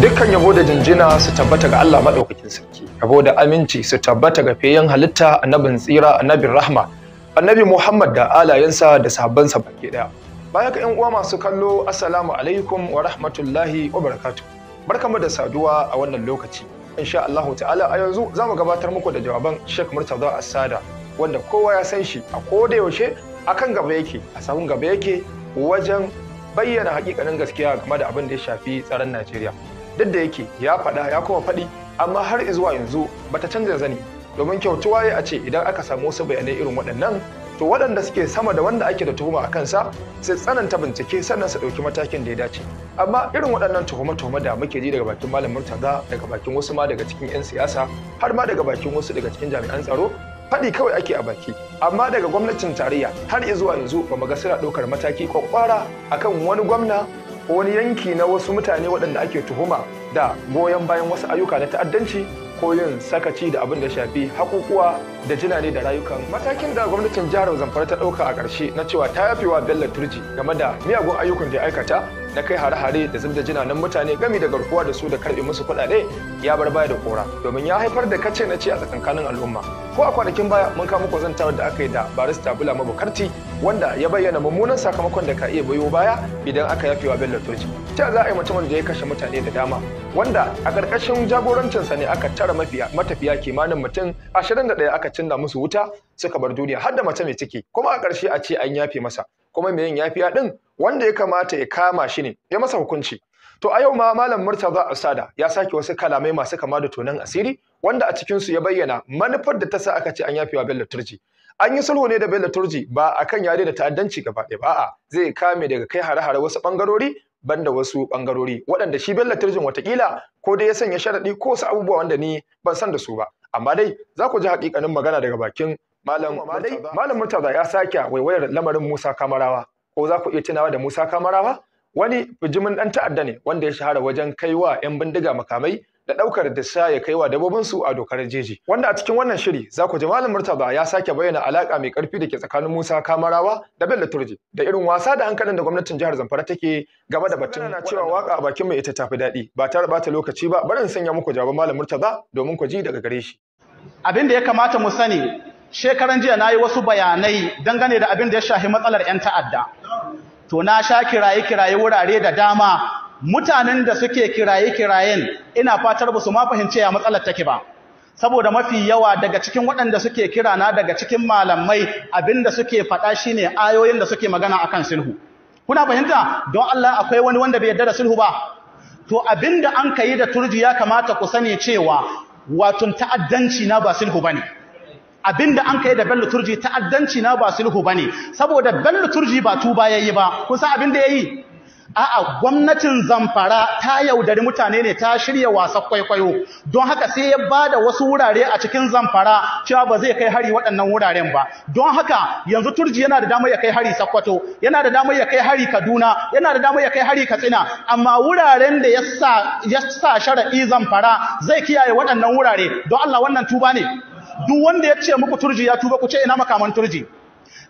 dukkan yabo da jinjina su tabbata ga Allah madaukakin sarki yabo da aminci su tabbata ga feyen halitta annabin tsira annabin rahma annabi Muhammad da alayensa da sa baki ɗaya. baya ga yan uwa masu kallo assalamu alaikum wa rahmatullahi wa barakatuh barkamu da saduwa a wannan lokaci insha Allah ta'ala a yanzu za mu gabatar muku da jawaban Sheikh Murtaza Asada wanda kowa ya san shi a koda yaushe akan gaba yake a sabon gaba yake wajen bayyana hakikanin gaskiya game da abin da ya shafi tsaron Najeriya duk da yake ya faɗa ya kuma faɗi amma har zuwa yanzu bata canza zani domin kyautuwa waye a ce idan aka samu wasu bayanai irin waɗannan to waɗanda suke sama da wanda ake da tuhuma a kansa sai tsananta bincike sannan su ɗauki matakin da ya dace amma irin waɗannan tuhume tuhuma da muke ji daga bakin malam murtaza daga bakin wasu ma daga cikin 'yan siyasa har ma daga bakin wasu daga cikin jami'an tsaro faɗi kawai ake a baki amma daga gwamnatin tarayya har zuwa yanzu ba mu ga suna ɗaukar mataki kwakwara akan wani gwamna wani yanki na wasu mutane waɗanda ake tuhuma da goyon bayan wasu ayyuka na ta'addanci ko yin sakaci da abin da shafi hakukuwa da jinane da rayukan matakin da gwamnatin jihar zamfara ta ɗauka a ƙarshe na cewa ta wa bello turji game da miyagun ayyukan da ya aikata na kai hare-hare da zub da na mutane gami da garkuwa da su da karɓe musu kuɗaɗe ya bar baya da kora domin ya haifar da kace na ce a tsakankanin al'umma ko a kwanakin baya mun kama kwazantawar da aka yi da barista bula mabukarti wanda ya bayyana mummunan sakamakon da ka iya bayo baya idan aka yafe wa bello toci ta za a yi mutumin da ya kashe mutane da dama wanda a ƙarƙashin jagorancinsa ne aka tara matafiya kimanin mutum ashirin da ɗaya aka cinna musu wuta suka bar duniya har da mace mai ciki kuma a ƙarshe a ce an yafe masa kuma mai yin yafiya ɗin wanda ya kamata ya kama shi ne ya masa hukunci To a yau ma Malam Murtaza Usada ya sake wasu kalamai masu kama da tonan asiri wanda a cikinsu ya bayyana manufar da ta sa aka ce an yafe wa Bello Turji an yi sulhu ne da Bello Turji ba akan yare da ta'addanci gaba ɗaya ba a zai kame daga kai hare-hare wasu bangarori banda wasu bangarori waɗanda shi Bello Turjin watakila ko dai ya sanya sharaɗi ko wasu abubuwa wanda ni ban san da su ba amma dai za ku ji haƙiƙanin magana daga bakin Malam Malam Murtaza ya sake waiwayar lamarin Musa Kamarawa ko za ku iya tunawa da Musa Kamarawa wani bijimin ɗan ta'adda ne wanda ya shahara wajen kaiwa 'yan bindiga makamai da ɗaukar sa ya kai wa su a dokar jeji. Wanda a cikin wannan shiri za ku ji Malam Murtaba ya sake bayyana alaka mai ƙarfi da ke tsakanin Musa Kamarawa da Bello Turji da irin wasa da hankalin da gwamnatin jihar Zamfara take game da batun. na cewa waka a bakin mai ita tafi daɗi ba tare bata lokaci ba barin sanya muku jawaban Malam Murtaba domin ku ji daga gare shi. Abin da ya kamata mu sani shekaran jiya na yi wasu bayanai dangane da abin da ya shahi matsalar 'yan ta'adda. To na sha kiraye-kiraye wurare da dama mutanen da suke kiraye-kirayen ina fatar ba su ma fahimci ya matsalar take ba saboda mafi yawa daga cikin waɗanda suke kira na daga cikin malamai abinda suke faɗa shine ayoyin da suke magana akan sulhu kuna fahimta don Allah akwai wani wanda bai yarda da sulhu ba to abinda an kai da turji ya kamata ku sani cewa wato ta'addanci na ba sulhu bane abinda an kai da bello turji ta'addanci na ba sulhu bane saboda bello turji ba tuba yayi ba kun san abinda yayi a'a gwamnatin zamfara ta yaudari mutane ne ta shirya wasa kwaikwayo don haka sai ya ba da wasu wurare a cikin zamfara cewa ba zai kai hari waɗannan wuraren ba don haka yanzu turji yana da damar ya kai hari sakkwato yana da damar ya kai hari kaduna yana da damar ya kai hari katsina amma wuraren da ya sa shara'i zamfara zai kiyaye waɗannan wurare don Allah wannan tuba ne duk wanda ya ce muku turji ya tuba ku ce ina makaman turji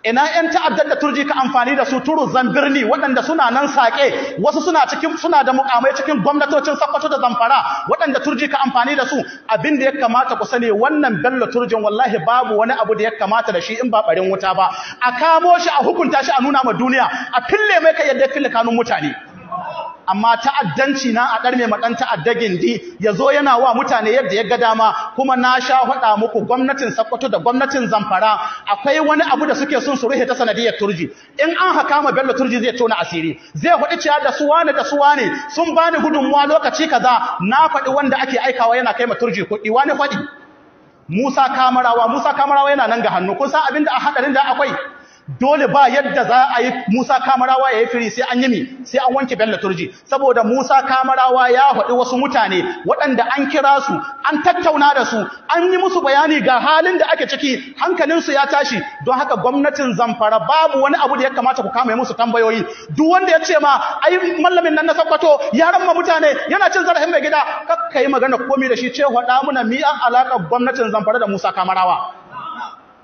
ina ƴan ta'addar da turji ka amfani da su turu zambirni waɗanda suna nan sake wasu suna cikin suna da mukamai cikin gwamnatocin sakkwato da Zamfara waɗanda turji ka amfani da su abin da ya kamata ku sani wannan bello turjin wallahi babu wani abu da ya kamata da shi in ba barin wuta ba a kamo shi a hukunta shi a nuna ma duniya a fille mai ka yadda fille kanun mutane amma ta'addanci na a ɗarme maɗan ta'addagin di ya zo yana wa mutane yadda ya ga dama kuma na sha faɗa muku gwamnatin sakkwato da gwamnatin zamfara akwai wani abu da suke sun su ruhe ta sanadiyar turji in an haka ma bello turji zai tona asiri zai faɗi cewa da su ne da su ne sun bani gudunmuwa lokaci kaza na faɗi wanda ake aikawa yana kai ma turji kuɗi wani faɗi Musa Kamarawa Musa Kamarawa yana nan ga hannu kun san abinda a hadarin da akwai dole ba yadda za a yi Musa Kamarawa ya yi firi sai an yi mi sai an wanke Bello Turji saboda Musa Kamarawa ya haɗu wasu mutane waɗanda an kira su an tattauna da su an yi musu bayani ga halin da ake ciki hankalinsu ya tashi don haka gwamnatin Zamfara babu wani abu da ya kamata ku kama musu tambayoyi duk wanda ya ce ma ai mallamin nan na sakwato, ya ma mutane yana cin zarafin mai gida kakkai magana komai da shi ce faɗa muna mi an alaƙar gwamnatin Zamfara da Musa Kamarawa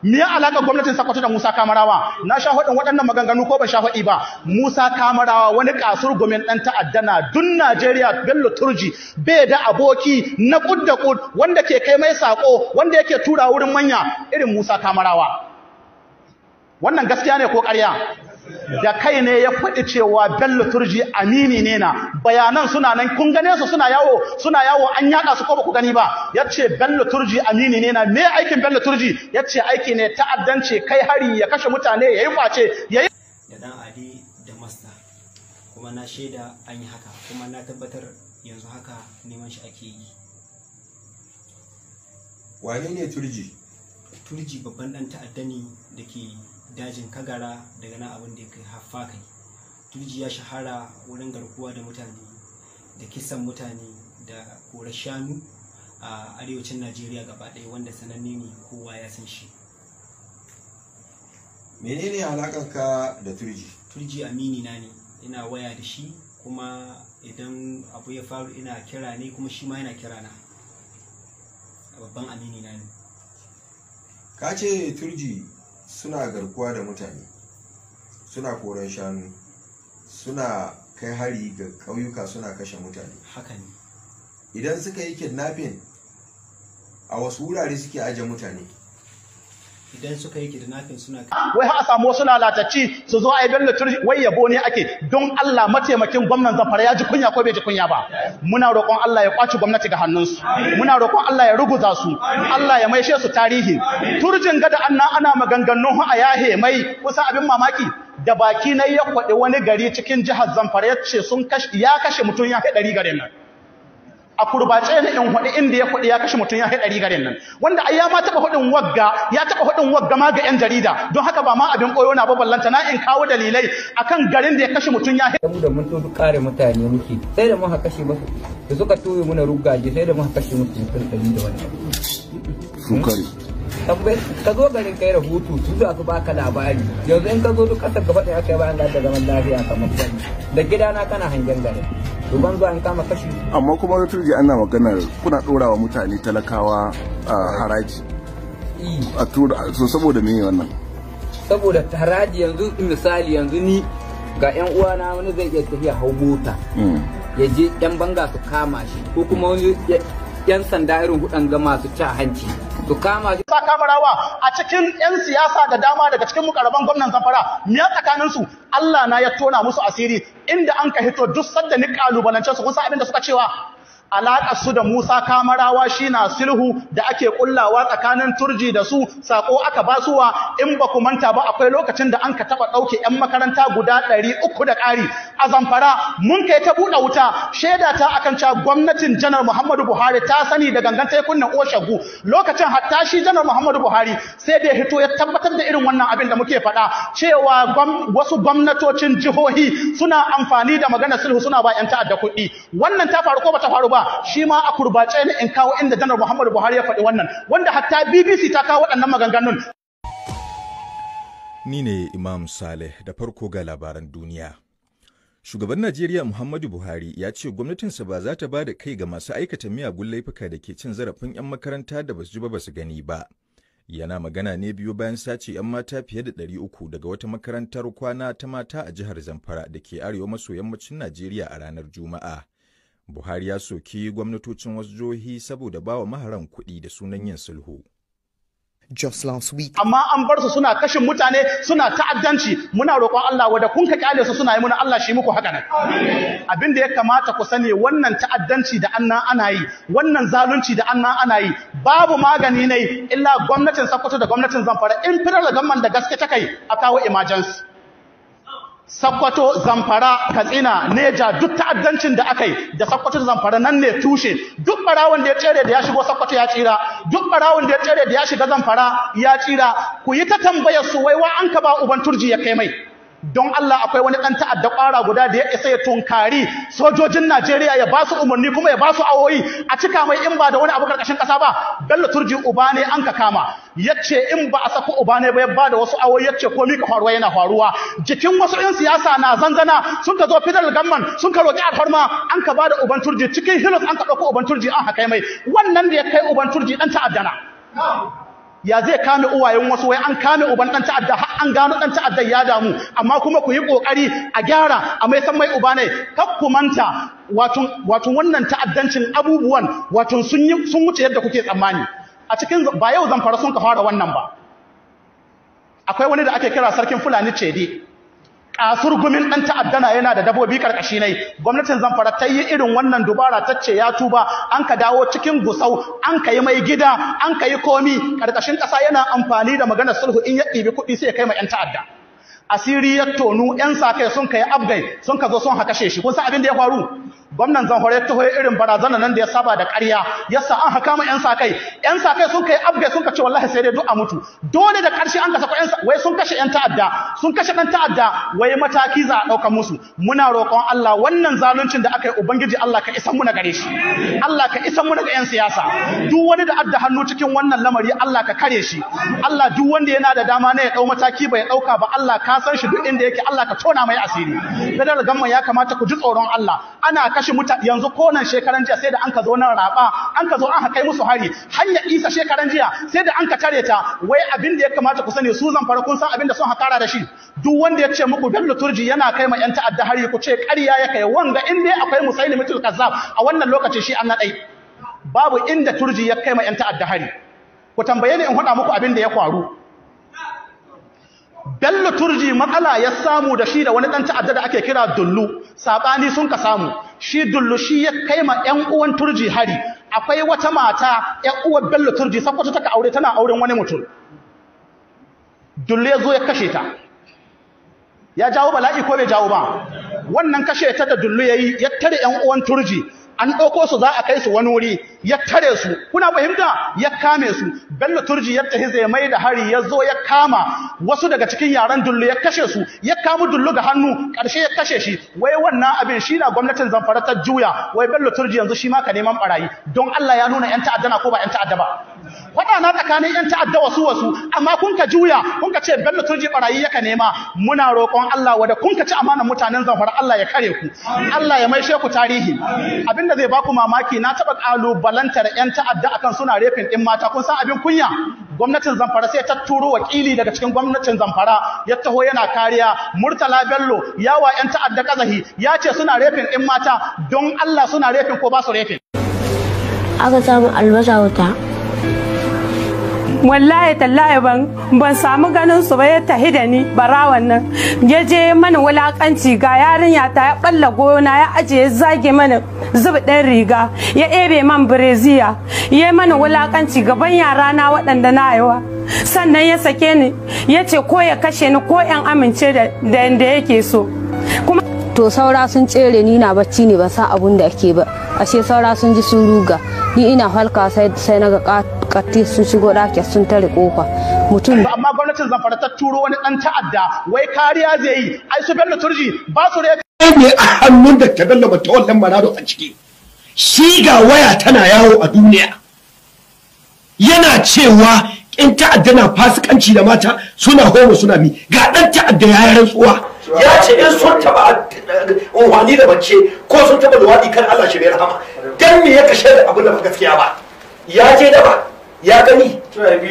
me alaƙa gwamnatin sakwato da Musa Kamarawa na sha hudun waɗannan maganganu ko ba sha hudu ba Musa Kamarawa wani kasur gwamnatin ɗan ta'adda na dun Najeriya Bello Turji bai da aboki na ƙudda ƙud wanda ke kai mai saƙo, wanda yake tura wurin manya irin Musa Kamarawa wannan gaskiya ne ko ƙarya da kai ne ya faɗi cewa bello turji amini ne na bayanan suna nan kun gane su suna yawo suna yawo an yaka su ko ba ku gani ba Ya ce bello turji amini ne na me aikin bello turji Ya ce aiki ne ta'addance kai hari ya kashe mutane yayi kwace yi da dan ali da masta kuma na shaida an yi haka kuma na tabbatar yanzu haka neman shi ake yi wane ne turji turji babban dan ta'addani ne da ke dajin kagara daga nan abin da ya kai haffa kai turji ya shahara wurin garkuwa da mutane da kisan mutane da korar shanu a arewacin najeriya gaba ɗaya wanda sananne ne kowa ya san shi menene ka da turji turji amini na ne ina waya da shi kuma idan abu ya faru ina kira ne kuma shi ma yana kira na babban amini na ne ka ce turji suna garkuwa da mutane suna koran shanu suna kai hari ga ƙauyuka suna kashe mutane idan suka yi kidnapping a wasu wurare suke aje mutane idan suka yi kidnapping suna wai har a samu wasu lalatacci su zo a yi bello wai yabo ne ake don Allah mataimakin gwamnan Zamfara ya ji kunya ko bai ji kunya ba muna roƙon Allah ya kwaci gwamnati ga hannunsu muna roƙon Allah ya ruguza su Allah ya maishe su tarihi turjin gada anna ana maganganun a yahe mai kusa abin mamaki da baki na ya kwaɗi wani gari cikin jihar Zamfara ya ce sun ya kashe mutum ya kai ɗari garin nan a kurbace ne in hudu inda ya kuɗi ya kashe mutum ya haɗa ɗari garin nan wanda ai ya ma taɓa hudin wagga ya taɓa hudin wagga ma ga 'yan jarida don haka ba ma abin koyo na ballanta na in kawo dalilai akan garin da ya kashe mutum ya haɗa mu da mun to duk kare mutane muke sai da mun ha kashe musu da suka toye muna rugaje sai da mun ha kashe musu sun ɗari da wani sun kare ka zo garin kai rahoto su za su baka labari yanzu in ka zo duk ƙasar gaba ɗaya kai bayan da zaman lafiya kamar da gidana kana hangen garin duban zuwa ya kama kashi amma kuma wata turji ana maganar kuna ɗorawa mutane talakawa haraji a tura so saboda me wannan saboda haraji yanzu misali yanzu ni ga yan uwana wani zai iya tafiya hau mota hmm. ya je yan banga su kama shi ko kuma wani 'yan sanda irin ga masu cin hanci su kama shi. Sa kamarawa a cikin 'yan siyasa da dama daga cikin mukarraban gwamnan zamfara miya tsakanin su Allah na ya tona musu asiri inda an ka hito duk sadda ni kalubalance su kun san abin da suka cewa alaƙar su da Musa Kamarawa shi na sulhu da ake ƙullawa tsakanin turji da su sako aka suwa in ba ku manta ba akwai lokacin da an ka taba ɗauke ƴan makaranta guda uku da ƙari a Zamfara mun kai ta buɗe wuta sheda ta akan cewa gwamnatin Janar Muhammadu Buhari ta sani da gangan tai kunna Oshagu lokacin hatta shi Janar Muhammadu Buhari sai da ya hito ya tabbatar da irin wannan abin da muke faɗa cewa wasu gwamnatocin jihohi suna amfani da magana sulhu suna ba 'yan ta'adda kuɗi wannan ta faru ko ba ta faru ba ba shi ma a kurbace ne in kawo inda janar Muhammadu Buhari ya faɗi wannan wanda hatta BBC ta kawo waɗannan maganganun ni ne Imam Saleh da farko ga labaran duniya Shugaban Najeriya Muhammadu Buhari ya ce gwamnatinsa ba za ta ba da kai ga masu aikata miyagun laifuka da ke cin zarafin 'yan makaranta da basu ji ba basu gani ba. Yana magana ne biyu bayan sace 'yan mata fiye da 300 daga wata makarantar kwana ta mata a jihar Zamfara da ke arewa maso yammacin Najeriya a ranar Juma'a. Buhari ya soki gwamnatocin wasu jihohi saboda bawa maharan kuɗi da sunan yin sulhu. just last Amma an bar su suna kashin mutane suna ta'addanci muna roƙon Allah wadda kun ka kyale su suna yi muna Allah shi muku haka nan. Abin da ya kamata ku sani wannan ta'addanci da annan ana yi wannan zalunci da annan ana yi babu magani ne illa gwamnatin Sokoto da gwamnatin Zamfara in fitar da gamman da gaske ta kai a kawo emergency. sakwato Zamfara, Katsina, Neja duk ta'addancin da aka yi da sakwato Zamfara nan ne tushe. Duk barawon da ya tsere da ya shigo sakwato ya tsira, duk barawon da ya tsere da ya shiga Zamfara ya tsira. Ku yi ta tambayar su wai wa an ka ba uban turji ya kai mai. don Allah akwai wani ɗan ta'adda ƙwara guda da ya isa ya tunkari sojojin Najeriya ya ba su umarni kuma ya ba su awoyi a cika mai in ba da wani abu ƙarƙashin ƙasa ba Bello Turji uba ne an ka kama yace in ba a sako uba ne ba ya ba da wasu awoyi yace komai ka faruwa yana faruwa jikin wasu ƴan siyasa na zanzana sun ka zo federal government sun ka roƙi alfarma an ka ba da uban Turji cikin hilos an ka ɗauko uban Turji an haka mai wannan da ya kai uban Turji ɗan ta'adda na ya zai kame uwayen wasu wai an kame uban dan ta'adda har an gano dan ta'adda ya damu amma kuma ku yi kokari a gyara a mai san mai uba ne kak manta wato wato wannan ta'addancin abubuwan wato sun sun wuce yadda kuke tsammani a cikin ba yau zan fara sun ka fara wannan ba akwai wani da ake kira sarkin fulani cede kasur gumin dan ta'addana yana da dabobi karkashi ne gwamnatin zamfara ta yi irin wannan dubara ta ce ya tuba an ka dawo cikin gusau an ka yi mai gida an ka yi komi karkashin kasa yana amfani da maganar sulhu in ya ɗibi kuɗi sai ya kai ma 'yan ta'adda asiri ya tonu 'yan sa kai sun kai abgai sun ka zo sun hakashe shi kun san abin da ya faru gwamnan zanhore ta hoye irin barazana nan da ya saba da ƙarya yasa an haka ma yan sakai yan sakai sun kai abgai sun kace wallahi sai dai du'a mutu dole da ƙarshe an kasa ko yan wai sun kashe yan ta'adda sun kashe dan ta'adda wai mataki za a musu muna roƙon Allah wannan zaluncin da aka yi ubangiji Allah ka isan mu na gare shi Allah ka isan mu ga yan siyasa duk wani da adda hannu cikin wannan lamari Allah ka kare shi Allah duk wanda yana da dama na ya dau mataki bai ɗauka ba Allah ka san shi duk inda yake Allah ka tona mai asiri federal gamma ya kamata ku ji tsoron Allah ana kashe tashi muta yanzu konan shekaran jiya sai da an ka zo nan raba an ka zo an haƙai musu hari hanya isa shekaran jiya sai da an ka tare ta wai abin da ya kamata ku sani su zan fara kun san abin da sun hakara da shi duk wanda ya ce muku bello turji yana kai ma yan ta'adda hari ku ce ƙarya ya kai wanga in dai akwai musailimatul kazzab a wannan lokaci shi an nadai babu inda turji ya kai ma yan ta'adda hari ku tambaye ni in faɗa muku abin da ya faru bello turji matsala ya samu da shi da wani ɗan ta'adda da ake kira dullu saɓani sun ka samu shi dullu shi ya kai ma ‘yan uwan turji hari akwai wata mata ‘yan uwan bello turji sakwata ta ka aure tana auren wani mutum dullu ya zo ya kashe ta ya jawo bala'i ko bai jawo ba wannan kashe ta da dullu ya yi ya tare ‘yan uwan turji an ɗauko su za a kai su wani wuri ya tare su kuna fahimta ya kame su bello turji ya tahi zai mai da hari ya zo ya kama wasu daga cikin yaren dullu ya kashe su ya kamu dullu ga hannu ƙarshe ya kashe shi wai wannan abin shi na gwamnatin zamfara ta juya wai bello turji yanzu shi ma ka neman barayi don Allah ya nuna yan ta'addana ko ba yan ta'adda ba waɗana tsakanin yan ta'adda wasu wasu amma kun ka juya kun ka ce bello turji barayi yaka nema muna roƙon Allah wada kun ka ci amanar mutanen zamfara Allah ya kare ku Allah ya maishe ku tarihi abin da zai baku mamaki na taɓa ƙalubalantar 'yan ta'adda akan suna refin ɗin mata kun san abin kunya gwamnatin zamfara sai ta turo wakili daga cikin gwamnatin zamfara ya taho yana kariya murtala bello yawa 'yan ta'adda kazahi ya ce suna refin ɗin mata don allah suna refin ko ba su refin aka samu albasa wuta wallahi tallahi ban ban samu ganin su ba ya tahi da ni bara wannan ya je mana wulakanci ga yarinya ta ya balla gona ya aje ya zage mana zuba ɗan riga ya ebe man bireziya ya mana wulakanci gaban yara na waɗanda na yawa sannan ya sake ni ya ce ko ya kashe ni ko yan amince da yanda yake so kuma to saura sun tsere ni na bacci ne ba san abun da ake ba ashe saura sun ji sun ruga ni ina halka sai na ga katti sun shigo ɗaki sun tare kofa mutum amma gwamnatin zamfara ta turo wani ɗan ta'adda wai kariya zai yi ai su bello turji ba su da ne a hannun da ta bello ta wannan marado a ciki shi ga waya tana yawo a duniya yana cewa in ta'adda na fasikanci da mata suna homo suna mi ga dan ta'adda ya yi rantsuwa ya ce in sun taba eh, wani da bace ko sun taba luwaɗi kan Allah shi bai rahama dan me ya kashe da abin da ba gaskiya ba ya je da ba ya gani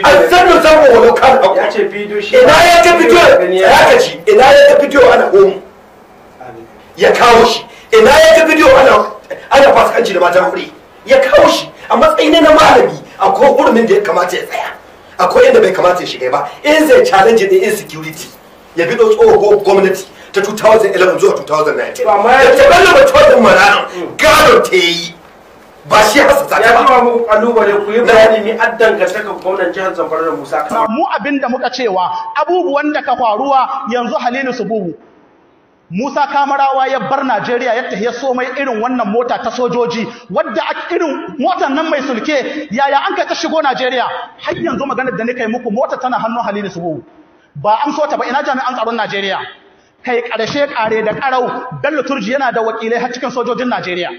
an sanu san wa lokal aku ya ce bidiyo shi ina ya ta bidiyo ya ka ci ina ya ta bidiyo ana omu ya kawo shi ina ya ta bidiyo ana ana fasikanci da matan aure ya kawo shi a matsayin na malami akwai hurumin da ya kamata ya tsaya akwai inda bai kamata ya shiga ba in zai challenge din insecurity ya bi tsohon gwamnati ta 2011 zuwa 2019 ya tabbatar da mutuwar mararan gano ta yi ba shi hasa ta ba ya muku kalubale ku yi bayani mi addan ga saka jihar Zamfara da Musa mu abinda muka cewa abubuwan da ka faruwa yanzu Halilu Subuhu Musa Kamarawa ya bar Najeriya ya tafiya so mai irin wannan mota ta sojoji wadda a irin motar nan mai sulke yaya an kai ta shigo Najeriya har yanzu maganar da nika yi muku mota tana hannun Halilu Subuhu ba an so ta ba ina jami'an tsaron Najeriya kai ƙarshe ƙare da ƙarau Bello Turji yana da wakilai har cikin sojojin Najeriya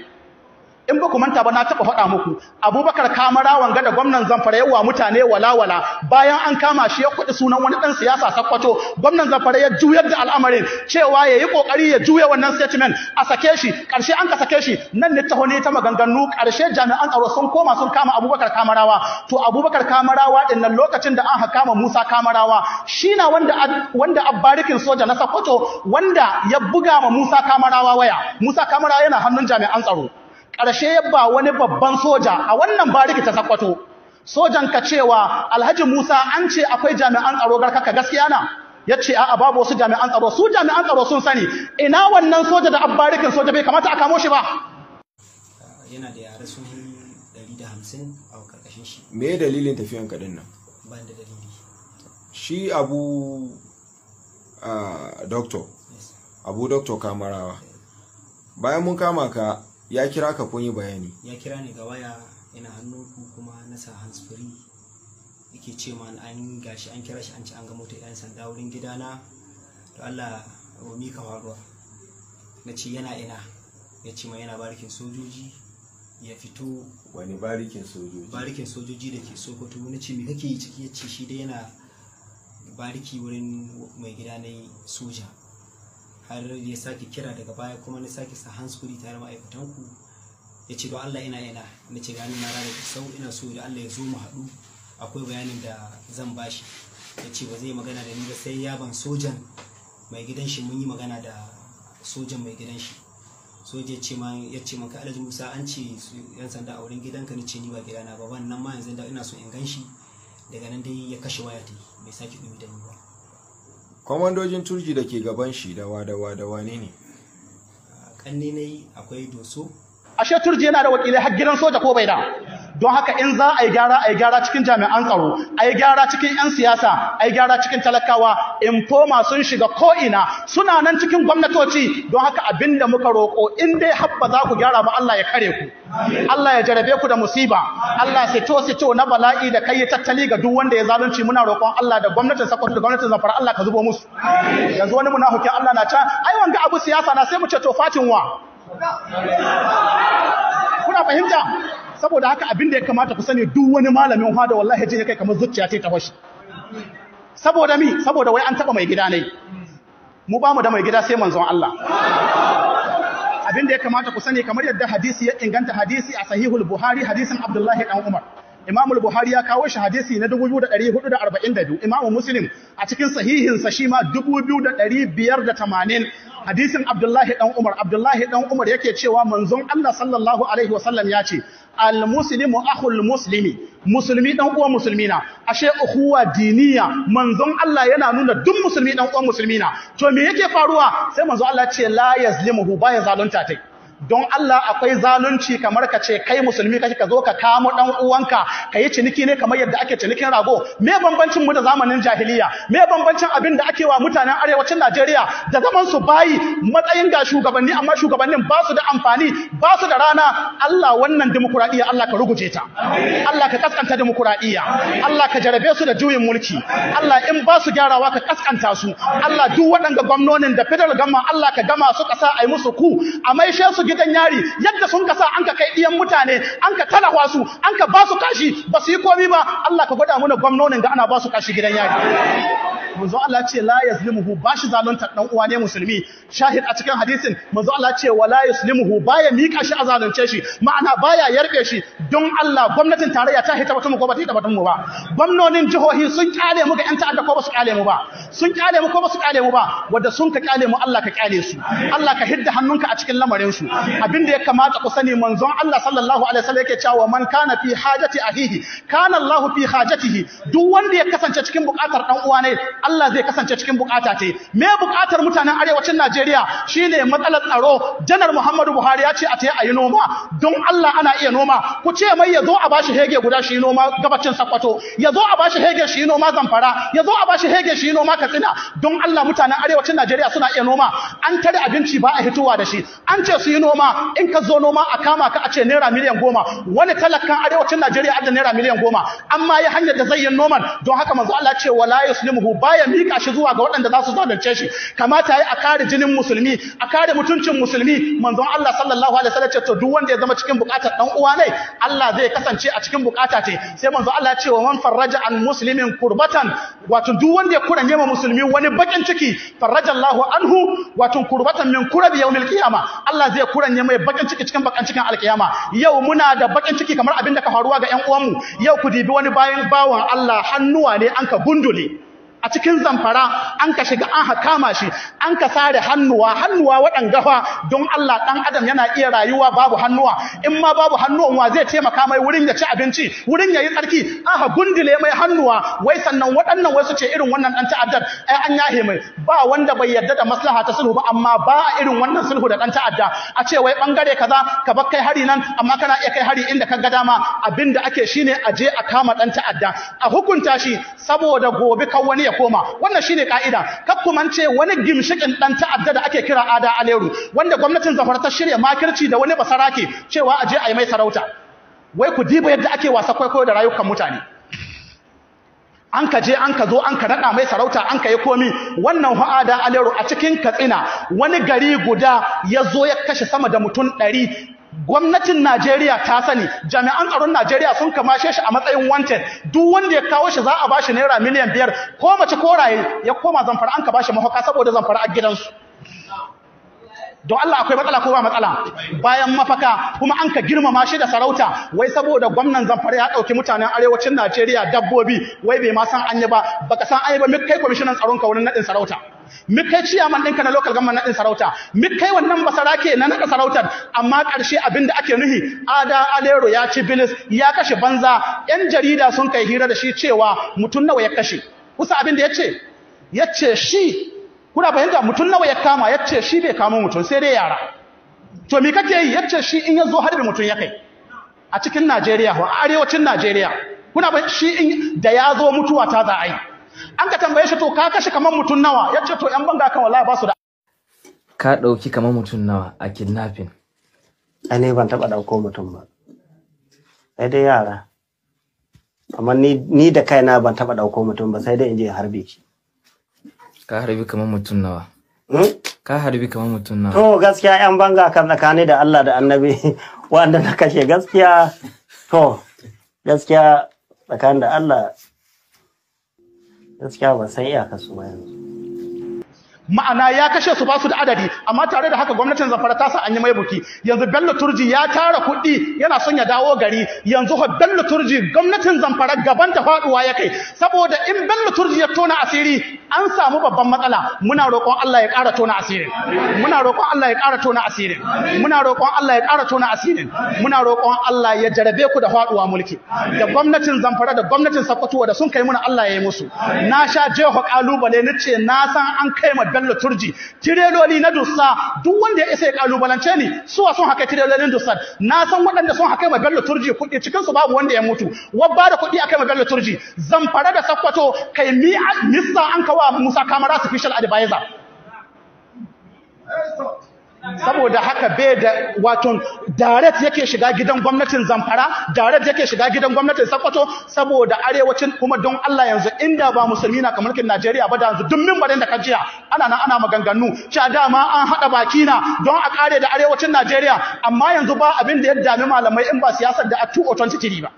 in ba ku manta ba na taba faɗa muku Abubakar Kamara wanga gwamnan Zamfara yawa mutane walawala bayan an kama shi ya kuɗi sunan wani dan siyasa Sakkwato gwamnan Zamfara ya juyar da al'amarin cewa ya yi kokari ya juya wannan statement a sake shi karshe an ka sake shi nan ne taho ne ta maganganu karshe jami'an tsaro sun koma sun kama Abubakar Kamarawa to Abubakar Kamarawa din nan lokacin da an kama Musa Kamarawa shi na wanda wanda abbarikin soja na Sakkwato wanda ya buga ma Musa Kamarawa waya Musa Kamarawa yana hannun jami'an tsaro ƙarshe ya ba wani babban soja a wannan bariki ta sakwato sojan ka cewa alhaji musa an ce akwai jami'an tsaro garkaka gaskiya na ya ce a'a babu wasu jami'an tsaro su jami'an tsaro sun sani ina wannan soja da abbarikin soja bai kamata a kamo shi ba yana da yare sun 150 a karkashin shi me dalilin tafiyan kaɗin nan da dalili shi abu a ah, abu doctor kamarawa bayan mun kama ka ya kira ka kun yi bayani ya kira ni ga waya ina ku kuma na sa hands free yake ce an gashi an kira shi an ci an ga mota yan sanda wurin gidana to Allah wa mi ka faruwa na ce yana ina ya ce ma yana barikin sojoji ya fito wani barikin sojoji barikin sojoji da ke sokoto na ce me kake yi ciki ya ce shi dai yana bariki wurin mai gida na soja har ya sake kira daga baya kuma na sake sa hanskuri tare ma'aikatan ku ya ce don Allah ina ina na ce gani na rana sau ina so da Allah ya zo mu haɗu akwai bayanin da zan bashi ya ce ba zai magana da ni ba sai yaban sojan mai gidan shi mun yi magana da sojan mai gidan shi soja ce ma ya ce maka alhaji musa an ce yan sanda a wurin gidanka ni ce ni ba gidana ba wannan ma yanzu da ina so in gan shi daga nan dai ya kashe waya ta bai sake ɗumi da ni ba kwamandojin turji da ke gaban shi da wadawa da wane ne a akwai doso ashe turji yana da wakilai har gidan soja ko bai da don haka in za a yi gyara a yi gyara cikin jami'an tsaro a yi gyara cikin 'yan siyasa a yi gyara cikin talakawa infoma sun shiga ko'ina suna nan cikin gwamnatoci don haka abin da muka roƙo in dai haɓba za ku gyara ba Allah ya kare ku Allah ya jarabe ku da musiba Allah sito sito na bala'i da kai tattali ga duk wanda ya zalunci muna roƙon Allah da gwamnatin Sokoto da gwamnatin Zamfara Allah ka zubo musu yanzu wani muna munafikin Allah na can ai wanga abu siyasa na sai mu ce to fatin wa kuna fahimta saboda haka abin da ya kamata ku sani duk wani malamin hada wallahi jin kai kamar zuciya ce ta fashi saboda mi saboda wai an taba mai gida ne mu ba mu da mai gida sai manzon Allah abin da ya kamata ku sani kamar yadda hadisi ya inganta hadisi a sahihul buhari hadisin abdullahi dan umar Imam al-Buhari ya kawo shi hadisi na 2442, Imam Muslim a cikin sahihinsa shi ma 2580 hadisin Abdullahi dan Umar, Abdullahi dan Umar yake cewa manzon Allah sallallahu alaihi wasallam ya ce, Al almuslimu akhul muslimi musulmi dan uwan musulmi na ashe ukhuwa diniya manzon Allah yana nuna duk musulmi dan uwan musulmi na to me yake faruwa sai manzon Allah ce la yazlimuhu baya zalunta tai don Allah akwai zalunci kamar ka ce kai musulmi kake ka zo ka kamo dan uwanka ka yi ciniki ne kamar yadda ake cinikin rago me bambancin mu da zamanin jahiliya me bambancin abin da ake wa mutanen arewacin Najeriya da zaman su bayi matsayin ga shugabanni amma shugabannin ba su da amfani ba su da rana Allah wannan demokradiya Allah ka ruguje ta Allah ka kaskanta demokradiya Allah ka jarabe su da juyin mulki Allah in ba su gyarawa ka kaskanta su Allah duk waɗanda gwamnonin da federal gama Allah ka gama su ƙasa ai musu ku a maishe su gidan yari yadda sun kasa an ka kai ɗiyan mutane an ka talawa su an ka ba su kashi ba su yi komi ba Allah ka gwada mana gwamnonin ga ana ba su kashi gidan yari manzo Allah ce la yaslimuhu bashi zalunta dan uwa ne musulmi shahid a cikin hadisin manzo Allah ce wala yaslimuhu baya mika shi a zalunce shi ma'ana baya yarbe shi don Allah gwamnatin tarayya ta hita mu ko ba ta hita batun ba gwamnonin jihohi sun kyale mu ga yan ta'adda ko ba su kyale mu ba sun kyale mu ko ba su kyale mu ba wanda sun ka kyale mu Allah ka kyale su Allah ka hidda hannunka a cikin lamarin su abinda ya kamata ku sani manzon Allah sallallahu alaihi wasallam yake cewa man kana fi hajati ahihi kana Allah fi hajatihi duk wanda ya kasance cikin bukatar dan uwa ne Allah zai kasance cikin bukata ce me bukatar mutanen arewacin Najeriya shine matsalar tsaro janar Muhammadu Buhari ya ce a a yi noma don Allah ana iya noma ku ce mai yazo a bashi hege guda shi noma gabacin Ya yazo a bashi hege shi noma Zamfara Ya zo a bashi hege shi noma Katsina don Allah mutanen arewacin Najeriya suna iya noma an tare abinci ba a hitowa da shi an ce su yi noma in ka zo noma a kama ka a ce naira miliyan goma wani talakan arewacin Najeriya da naira miliyan goma amma ya hanyar da zai yi noman don haka manzo Allah ce wala yuslimuhu shugaba ya mika shi zuwa ga waɗanda za su da ceshi kamata yi a kare jinin musulmi a kare mutuncin musulmi manzon Allah sallallahu alaihi wasallam ce to duk wanda ya zama cikin bukatar dan uwa ne Allah zai kasance a cikin bukata ce sai manzon Allah ya ce wa man farraja an muslimin kurbatan wato duk wanda ya kuranye ma musulmi wani bakin ciki farraja Allahu anhu wato kurbatan min kurabi yawmil qiyama Allah zai kuranye mai bakin ciki cikin bakin cikin alkiyama yau muna da bakin ciki kamar abin da ka faruwa ga ƴan uwanmu yau ku dibi wani bayan bawan Allah hannuwa ne an ka gundule a cikin zamfara an ka shiga an hakama shi an ka sare hannuwa hannuwa gafa don Allah ɗan adam yana iya rayuwa babu hannuwa in ma babu hannuwan wa zai taimaka mai wurin ya ci abinci wurin ya yi tsarki an ha gundule mai hannuwa wai sannan waɗannan su ce irin wannan ɗan ta'addar ai an yahe mai ba wanda bai yarda da maslaha ta sulhu ba amma ba irin wannan sulhu da ɗan ta'adda a ce wai ɓangare kaza ka bar kai hari nan amma kana iya kai hari inda ka ga dama abinda ake shine a je a kama ɗan ta'adda a hukunta shi saboda gobe kan wani ya koma wannan shine ka'ida kakkumance wani gimshikin dan ta'adda da ake kira ada aleru wanda gwamnatin zafar ta shirya makirci da wani basarake cewa aje a yi mai sarauta wai ku diba yadda ake wasa kwaikwayo da rayukan mutane an ka je an ka zo an ka naɗa mai sarauta an ka yi komi wannan hu'ada alero a cikin katsina wani gari guda ya zo ya kashe sama da mutum ɗari gwamnatin Najeriya ta sani jami'an tsaron Najeriya sun kamashe shi a matsayin wanted duk wanda ya kawo shi za a bashi naira miliyan biyar ko mace ko raye ya koma zamfara an ka bashi mafaka saboda zamfara a gidansu don Allah akwai matsala ko ba matsala bayan mafaka kuma an ka girmama shi da sarauta wai saboda gwamnan zamfara ya dauki mutanen arewacin Najeriya dabbobi wai bai ma san anya ba baka san anya ba mai kai kwamishinan tsaron ka wurin nadin sarauta mi kai ciyaman ɗinka na local government naɗin sarauta mikai kai wannan ke na naɗa sarautar amma ƙarshe abin da ake nuhi ada alero ya ci bilis ya kashe banza yan jarida sun kai hira da shi cewa mutum nawa ya kashe kusa abin da ya ce ya ce shi kuna fahimta mutum nawa ya kama ya ce shi bai kama mutum sai dai yara to me kake yi ya ce shi in ya zo harbi mutum ya kai a cikin najeriya a arewacin najeriya kuna ba shi da ya zo mutuwa ta za a yi an ka tambaye shi to ka kashe kamar mutum nawa ya ce to yan banga kan wallahi ba su da ka ɗauki kamar mutum nawa a kidnapping ai ne ban taɓa ɗauko mutum ba sai dai yara amma ni da kaina ban taɓa ɗauko mutum ba sai dai in je harbi shi ka harbi kamar mutum nawa hmm? ka harbi kamar mutum nawa to gaskiya yan banga kan tsakani da Allah da annabi wanda na kashe gaskiya to gaskiya tsakanin da Allah que ban san iyakarsu ba yanzu ma'ana ya kashe su ba su da adadi amma tare da haka gwamnatin zamfara ta sa an yi mai buki yanzu bello turji ya tara kuɗi yana son ya dawo gari yanzu ha bello turji gwamnatin zamfara gaban ta faduwa ya kai saboda in bello turji ya tona asiri an samu babban matsala muna roƙon Allah ya ƙara tona asiri, muna roƙon Allah ya ƙara tona asiri muna roƙon Allah ya ƙara tona asiri muna roƙon Allah ya jarabe ku da faduwa mulki da gwamnatin zamfara da gwamnatin sakkwatuwa da sun kai muna Allah ya yi musu na sha jeho kalubale nace na san an kai ma bello turji tireloli na dussa duk wanda ya isa ya kalubalance ni suwa sun haka na dussa na san waɗanda sun haka wa bello turji kuɗi cikin su babu wanda ya mutu wabba da kuɗi akai ma bello turji zamfara da sakwato kai mi missa an kawa musa kamara special advisor saboda haka bai da wato direct yake shiga gidan gwamnatin Zamfara direct yake shiga gidan gwamnatin Sokoto saboda arewacin kuma don Allah yanzu inda ba musulmi na kamar kin Najeriya ba da yanzu duk mimbarin da ka jiya ana nan ana maganganu cha dama an hada baki na don a kare da arewacin Najeriya amma yanzu ba abin da ya dami malamai in ba siyasar da a 2023 ba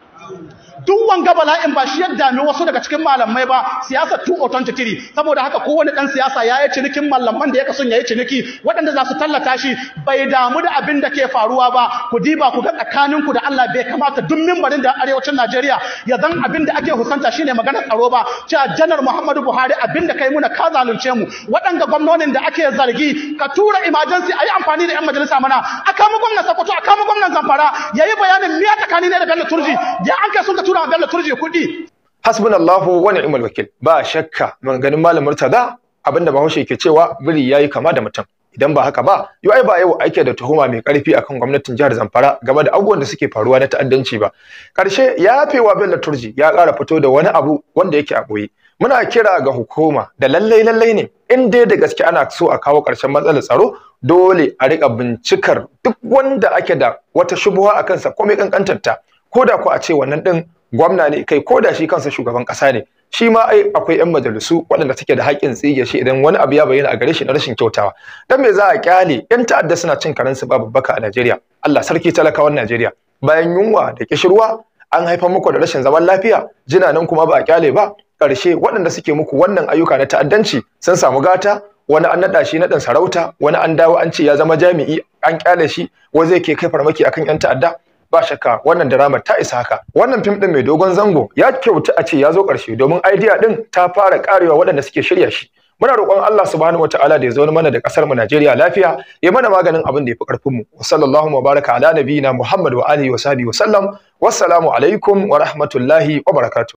duk wanga bala'in ba shi ya dami wasu daga cikin malamai ba siyasa 2023 saboda haka kowane dan siyasa ya yi cinikin malaman da ya kasun ya yi ciniki waɗanda za su tallata shi bai damu da abin da ke faruwa ba ku diba ku ga tsakaninku da Allah bai kamata duk mimbarin da arewacin Najeriya ya zan abin da ake husanta ne maganar tsaro ba cewa janar Muhammadu Buhari abin da kai muna ka zalunce mu waɗanda gwamnonin da ake zargi ka tura emergency yi amfani da yan majalisa mana aka mu gwamnan Sokoto aka mu gwamnan Zamfara yayi bayanin miya tsakanin ne da Bello Turji ya an kai sun ka tura Bello turje kudi hasbunallahu wa ni'mal wakil ba shakka ganin malam Murtada abinda Bahaushe ke cewa biri yayi kama da mutum idan ba haka ba UI ba yau ake da tuhuma mai karfi akan gwamnatin jihar Zamfara game da abubuwan da suke faruwa na ta'addanci ba karshe ya fewa Bello Turji ya kara fito da wani abu wanda yake a boye muna kira ga hukuma da lallai lallai ne in dai da gaske ana so a kawo karshen matsalar tsaro dole a riƙa bincikar duk wanda ake da wata shubuwa a kansa ko mai kankantar ta ko da ko a ce wannan din gwamna ne kai ko da shi kansa shugaban kasa ne shi ma ai akwai yan majalisu waɗanda take da haƙƙin tsige shi idan wani abu ya bayyana a gare shi na rashin kyautawa dan me za a kyale yan ta'adda suna cin karansu babu baka a Najeriya Allah sarki talakawan Najeriya bayan yunwa da kishirwa an haifa muku da rashin zaman lafiya jina nan kuma ba a kyale ba ƙarshe waɗanda suke muku wannan ayyuka na ta'addanci sun samu gata wani an naɗa shi naɗin sarauta wani an dawo an ce ya zama jami'i an kyale shi wai zai ke kai farmaki akan yan ta'adda ba shakka wannan drama ta isa haka wannan fim din mai dogon zango ya kyautu a ce ya zo ƙarshe domin idea din ta fara karewa waɗanda suke shirya shi muna roƙon Allah subhanahu wataala da ya zo mana da ƙasar mu Najeriya lafiya ya mana maganin abin da ya fi ƙarfin mu sallallahu wa baraka ala nabiyina Muhammad wa alihi wa sahbihi wa wassalamu alaikum wa rahmatullahi wa barakatuh